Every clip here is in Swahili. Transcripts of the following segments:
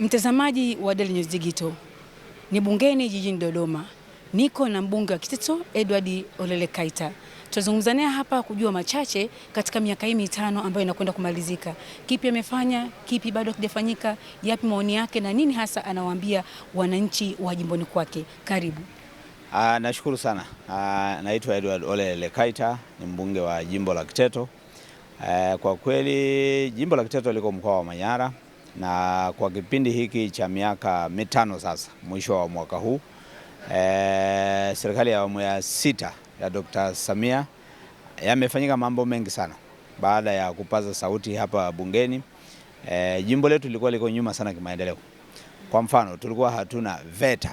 Mtazamaji wa Daily News Digital, ni bungeni jijini Dodoma, niko na mbunge wa Kiteto Edward Olele Kaita. Tutazungumza naye hapa kujua machache katika miaka hii mitano ambayo inakwenda kumalizika, kipi amefanya, kipi bado hakijafanyika, yapi maoni yake na nini hasa anawaambia wananchi wa jimboni kwake. Karibu. Aa, ah, nashukuru sana. Ah, naitwa Edward Olele Kaita, ni mbunge wa jimbo la Kiteto. Aa, eh, kwa kweli jimbo la Kiteto liko mkoa wa Manyara na kwa kipindi hiki cha miaka mitano sasa, mwisho wa mwaka huu e, serikali ya awamu ya sita ya Dr. Samia yamefanyika mambo mengi sana baada ya kupaza sauti hapa bungeni. E, jimbo letu lilikuwa liko nyuma sana kimaendeleo. Kwa mfano tulikuwa hatuna VETA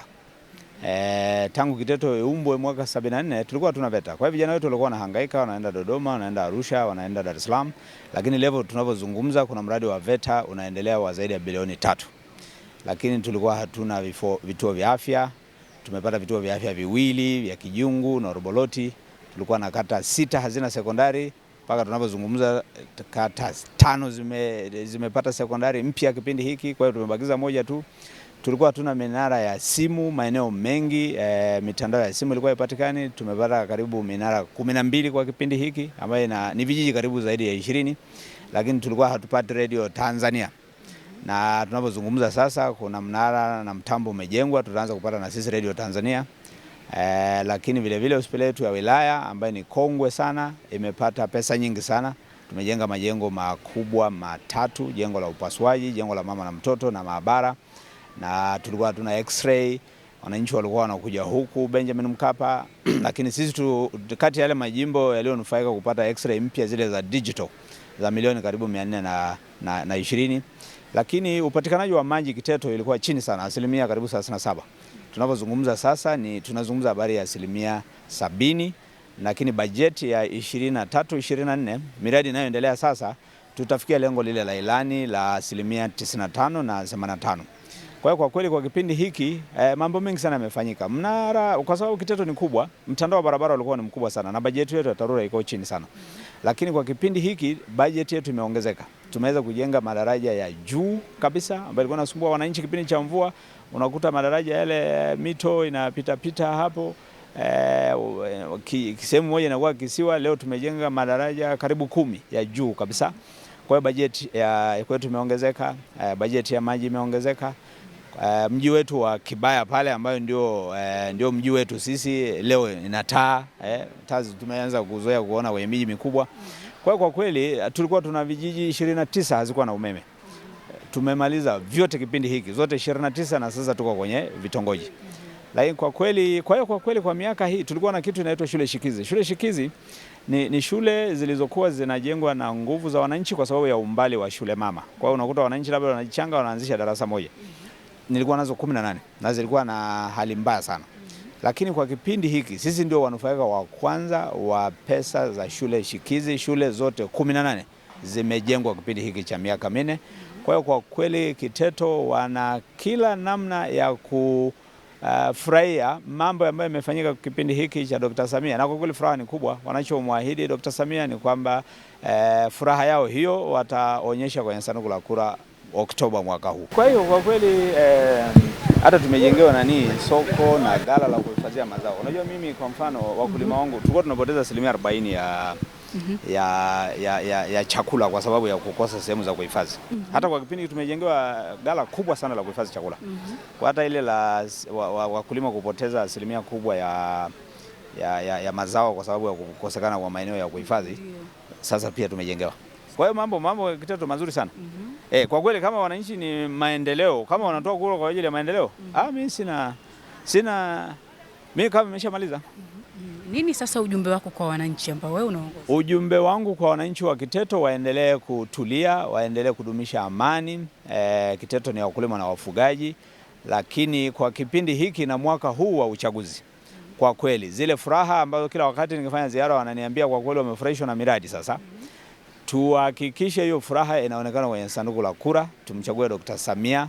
E, tangu Kiteto eumbwe mwaka 74 tulikuwa tuna VETA. Kwa hiyo vijana wetu walikuwa wanahangaika, wanaenda Dodoma, wanaenda Arusha, wanaenda Dar es Salaam, lakini leo tunavyozungumza kuna mradi wa VETA unaendelea wa zaidi ya bilioni tatu, lakini tulikuwa hatuna vifo, vituo vya afya. Tumepata vituo vya afya viwili vya Kijungu na Roboloti. Tulikuwa na kata sita hazina sekondari mpaka tunavyozungumza kata tano zime, zimepata sekondari mpya kipindi hiki, kwa hiyo tumebakiza moja tu tulikuwa hatuna minara ya simu maeneo mengi e, mitandao ya simu ilikuwa ipatikani. Tumepata karibu minara kumi na mbili kwa kipindi hiki ambayo ni vijiji karibu zaidi ya ishirini, lakini tulikuwa hatupati redio Tanzania na tunapozungumza sasa, kuna mnara na mtambo umejengwa, tutaanza kupata na sisi redio Tanzania. E, lakini vilevile hospitali yetu ya wilaya ambayo ni kongwe sana imepata pesa nyingi sana. Tumejenga majengo makubwa matatu, jengo la upasuaji, jengo la mama na mtoto na maabara na tulikuwa tuna x-ray, wananchi walikuwa wanakuja huku Benjamin Mkapa lakini sisi tu, kati ya yale majimbo yaliyonufaika kupata x-ray mpya zile za digital za milioni karibu mia nne na, na, na ishirini, lakini upatikanaji wa maji Kiteto ilikuwa chini sana, asilimia karibu 37. Tunapozungumza sasa ni tunazungumza habari ya asilimia sabini, lakini bajeti ya 23 24 miradi inayoendelea sasa tutafikia lengo lile la ilani la asilimia 95 na 85. Kwa hiyo kwa kweli kwa kipindi hiki eh, mambo mengi sana yamefanyika. Mnara kwa sababu Kiteto ni kubwa, mtandao wa barabara ulikuwa ni mkubwa sana na bajeti yetu ya TARURA iko chini sana. Lakini kwa kipindi hiki bajeti yetu imeongezeka. Tumeweza kujenga madaraja ya juu kabisa ambayo ilikuwa inasumbua wananchi kipindi cha mvua, unakuta madaraja yale eh, mito inapita pita hapo. Eh, eh sehemu moja inakuwa kisiwa. Leo tumejenga madaraja karibu kumi ya juu kabisa. Kwa hiyo bajeti ya kwetu imeongezeka, eh, bajeti ya maji imeongezeka uh, mji wetu wa Kibaya pale ambayo ndio, uh, ndio mji wetu sisi leo ina taa eh, taa tumeanza kuzoea kuona kwenye miji mikubwa. Kwa kwa kweli eh, tulikuwa tuna vijiji 29 hazikuwa na umeme. Tumemaliza vyote kipindi hiki zote 29 na sasa tuko kwenye vitongoji. Lakini kwa kweli, kwa hiyo kwa kweli kwa miaka hii tulikuwa na kitu inaitwa shule shikizi. Shule shikizi ni, ni shule zilizokuwa zinajengwa na nguvu za wananchi kwa sababu ya umbali wa shule mama. Kwa hiyo unakuta wananchi labda wanajichanga wanaanzisha darasa moja nilikuwa nazo kumi na nane na zilikuwa na hali mbaya sana lakini kwa kipindi hiki sisi ndio wanufaika wa kwanza wa pesa za shule shikizi. Shule zote kumi na nane zimejengwa kipindi hiki cha miaka minne. Kwa hiyo kwa kweli Kiteto wana kila namna ya kufurahia uh, mambo ambayo yamefanyika kipindi hiki cha Dr. Samia, na kwa kweli furaha ni kubwa. Wanachomwahidi Dr. Samia ni kwamba uh, furaha yao hiyo wataonyesha kwenye sanduku la kura Oktoba mwaka huu. Kwa hiyo kwa kweli eh, hata tumejengewa nani soko na ghala la kuhifadhia mazao. Unajua mimi kwa mfano wakulima mhm. wangu tulikuwa tunapoteza asilimia 40 ya Mm -hmm. Ya, ya, ya, ya chakula kwa sababu ya kukosa sehemu za kuhifadhi. mm -hmm. Hata kwa kipindi tumejengewa ghala kubwa sana la kuhifadhi chakula. mm -hmm. Kwa hata ile la wakulima wa, wa kupoteza asilimia kubwa ya, ya, ya, ya mazao kwa sababu ya kukosekana kwa maeneo ya kuhifadhi. mm -hmm. Sasa pia tumejengewa kwa hiyo mambo mambo Kiteto mazuri sana mm -hmm. E, kwa kweli kama wananchi ni maendeleo, kama wanatoa kura kwa ajili ya maendeleo mm -hmm. Ah, mimi sina sina mimi kama nimeshamaliza mm -hmm. Nini sasa ujumbe wako kwa wananchi ambao wewe unaongoza? Ujumbe wangu kwa wananchi wa Kiteto waendelee kutulia, waendelee kudumisha amani. E, Kiteto ni wakulima na wafugaji, lakini kwa kipindi hiki na mwaka huu wa uchaguzi, kwa kweli zile furaha ambazo kila wakati nikifanya ziara wananiambia kwa kweli wamefurahishwa na miradi sasa mhm tuhakikishe hiyo furaha inaonekana kwenye sanduku la kura, tumchague Dr. Samia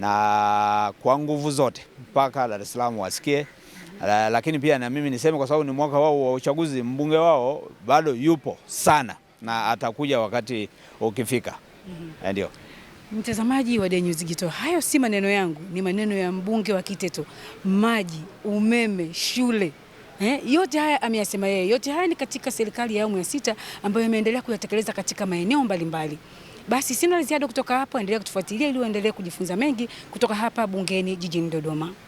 na kwa nguvu zote mpaka Dar es Salaam wasikie. lakini pia na mimi niseme kwa sababu ni mwaka wao wa uchaguzi, mbunge wao bado yupo sana na atakuja wakati ukifika. mm -hmm. Ndio mtazamaji wa Daily News Digital, hayo si maneno yangu, ni maneno ya mbunge wa Kiteto. Maji, umeme, shule Eh, yote haya ameyasema yeye. Yote haya ni katika serikali ya awamu ya sita ambayo imeendelea kuyatekeleza katika maeneo mbalimbali. Basi sina ziada kutoka hapa, endelea kutufuatilia ili uendelee kujifunza mengi kutoka hapa bungeni jijini Dodoma.